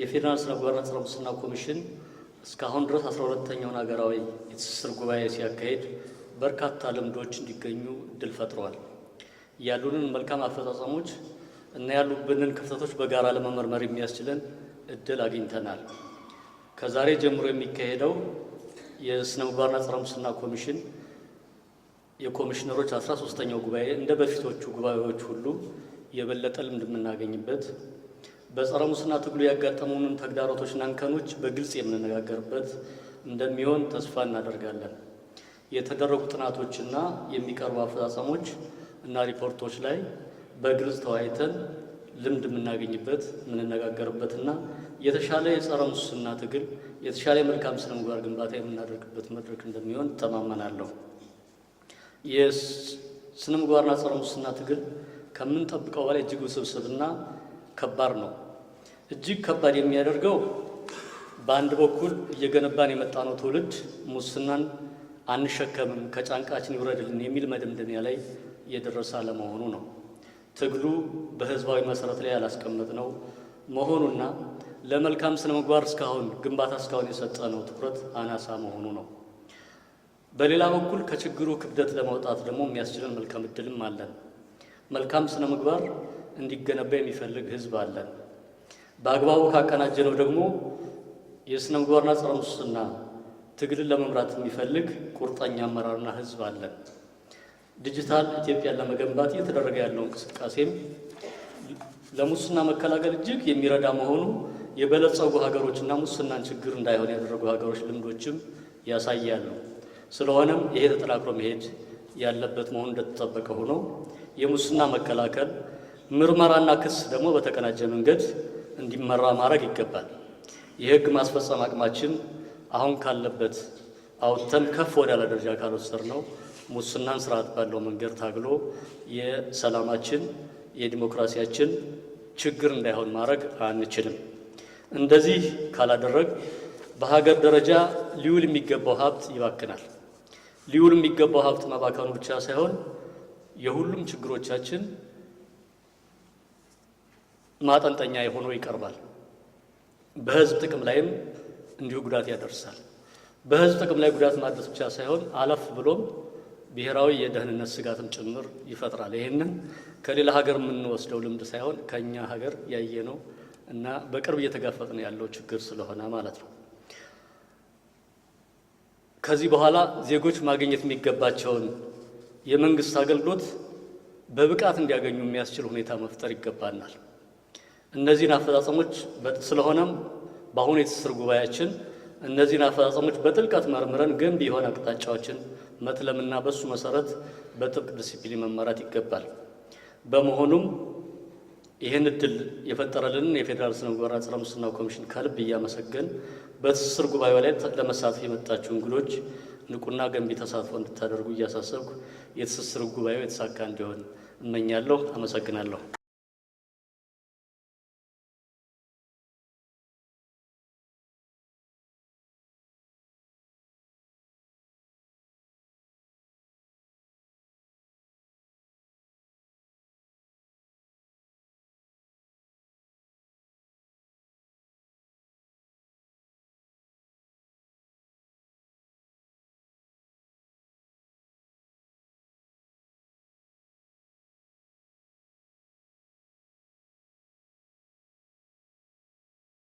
የፌዴራል ስነ ጉባኤና ጸረ ሙስና ኮሚሽን እስካሁን ድረስ አስራ ሁለተኛውን ሀገራዊ የትስስር ጉባኤ ሲያካሄድ በርካታ ልምዶች እንዲገኙ እድል ፈጥረዋል። ያሉንን መልካም አፈጻጸሞች እና ያሉብንን ክፍተቶች በጋራ ለመመርመር የሚያስችለን እድል አግኝተናል። ከዛሬ ጀምሮ የሚካሄደው የስነ ምግባርና ጸረ ሙስና ኮሚሽን የኮሚሽነሮች አስራ ሶስተኛው ጉባኤ እንደ በፊቶቹ ጉባኤዎች ሁሉ የበለጠ ልምድ የምናገኝበት በጸረ ሙስና ትግሉ ያጋጠሙንን ተግዳሮቶችና እንከኖች በግልጽ የምንነጋገርበት እንደሚሆን ተስፋ እናደርጋለን። የተደረጉ ጥናቶችና የሚቀርቡ አፈጻጸሞች እና ሪፖርቶች ላይ በግልጽ ተወያይተን ልምድ የምናገኝበት የምንነጋገርበትና የተሻለ የጸረ ሙስና ትግል የተሻለ የመልካም ስነ ምግባር ግንባታ የምናደርግበት መድረክ እንደሚሆን ተማመናለሁ። የስነ ምግባርና ጸረ ሙስና ትግል ከምንጠብቀው በላይ እጅግ ውስብስብና ከባድ ነው። እጅግ ከባድ የሚያደርገው በአንድ በኩል እየገነባን የመጣነው ትውልድ ሙስናን አንሸከምም ከጫንቃችን ይውረድልን የሚል መደምደሚያ ላይ የደረሰ አለመሆኑ ነው። ትግሉ በህዝባዊ መሰረት ላይ ያላስቀመጥነው መሆኑና ለመልካም ስነ ምግባር እስካሁን ግንባታ እስካሁን የሰጠነው ትኩረት አናሳ መሆኑ ነው። በሌላ በኩል ከችግሩ ክብደት ለመውጣት ደግሞ የሚያስችለን መልካም እድልም አለን። መልካም ስነ ምግባር እንዲገነባ የሚፈልግ ህዝብ አለን። በአግባቡ ካቀናጀ ነው ደግሞ የስነ ምግባርና ጸረ ሙስና ትግልን ለመምራት የሚፈልግ ቁርጠኛ አመራርና ህዝብ አለን። ዲጂታል ኢትዮጵያን ለመገንባት እየተደረገ ያለው እንቅስቃሴም ለሙስና መከላከል እጅግ የሚረዳ መሆኑ የበለጸጉ ሀገሮችና ሙስናን ችግር እንዳይሆን ያደረጉ ሀገሮች ልምዶችም ያሳያሉ። ስለሆነም ይሄ ተጠናክሮ መሄድ ያለበት መሆኑ እንደተጠበቀ ሆኖ የሙስና መከላከል ምርመራና ክስ ደግሞ በተቀናጀ መንገድ እንዲመራ ማድረግ ይገባል። የህግ ማስፈጸም አቅማችን አሁን ካለበት አውጥተን ከፍ ወዳለ ደረጃ ካልወሰድ ነው ሙስናን ስርዓት ባለው መንገድ ታግሎ የሰላማችን የዲሞክራሲያችን ችግር እንዳይሆን ማድረግ አንችልም። እንደዚህ ካላደረግ በሀገር ደረጃ ሊውል የሚገባው ሀብት ይባክናል። ሊውል የሚገባው ሀብት መባከኑ ብቻ ሳይሆን የሁሉም ችግሮቻችን ማጠንጠኛ የሆኖ ይቀርባል። በህዝብ ጥቅም ላይም እንዲሁ ጉዳት ያደርሳል። በህዝብ ጥቅም ላይ ጉዳት ማድረስ ብቻ ሳይሆን አለፍ ብሎም ብሔራዊ የደህንነት ስጋትም ጭምር ይፈጥራል። ይህንን ከሌላ ሀገር የምንወስደው ልምድ ሳይሆን ከእኛ ሀገር ያየነው እና በቅርብ እየተጋፈጥን ያለው ችግር ስለሆነ ማለት ነው። ከዚህ በኋላ ዜጎች ማግኘት የሚገባቸውን የመንግስት አገልግሎት በብቃት እንዲያገኙ የሚያስችል ሁኔታ መፍጠር ይገባናል። እነዚህን አፈጻጸሞች ስለሆነም በአሁኑ የትስስር ጉባኤያችን እነዚህን አፈጻጸሞች በጥልቀት መርምረን ገንቢ የሆነ አቅጣጫዎችን መትለምና በሱ መሰረት በጥብቅ ዲሲፕሊን መመራት ይገባል። በመሆኑም ይህን እድል የፈጠረልንን የፌዴራል ስነ ምግባርና ፀረ ሙስና ኮሚሽን ከልብ እያመሰገን በትስስር ጉባኤው ላይ ለመሳተፍ የመጣችሁ እንግዶች ንቁና ገንቢ ተሳትፎ እንድታደርጉ እያሳሰብኩ የትስስር ጉባኤው የተሳካ እንዲሆን እመኛለሁ። አመሰግናለሁ።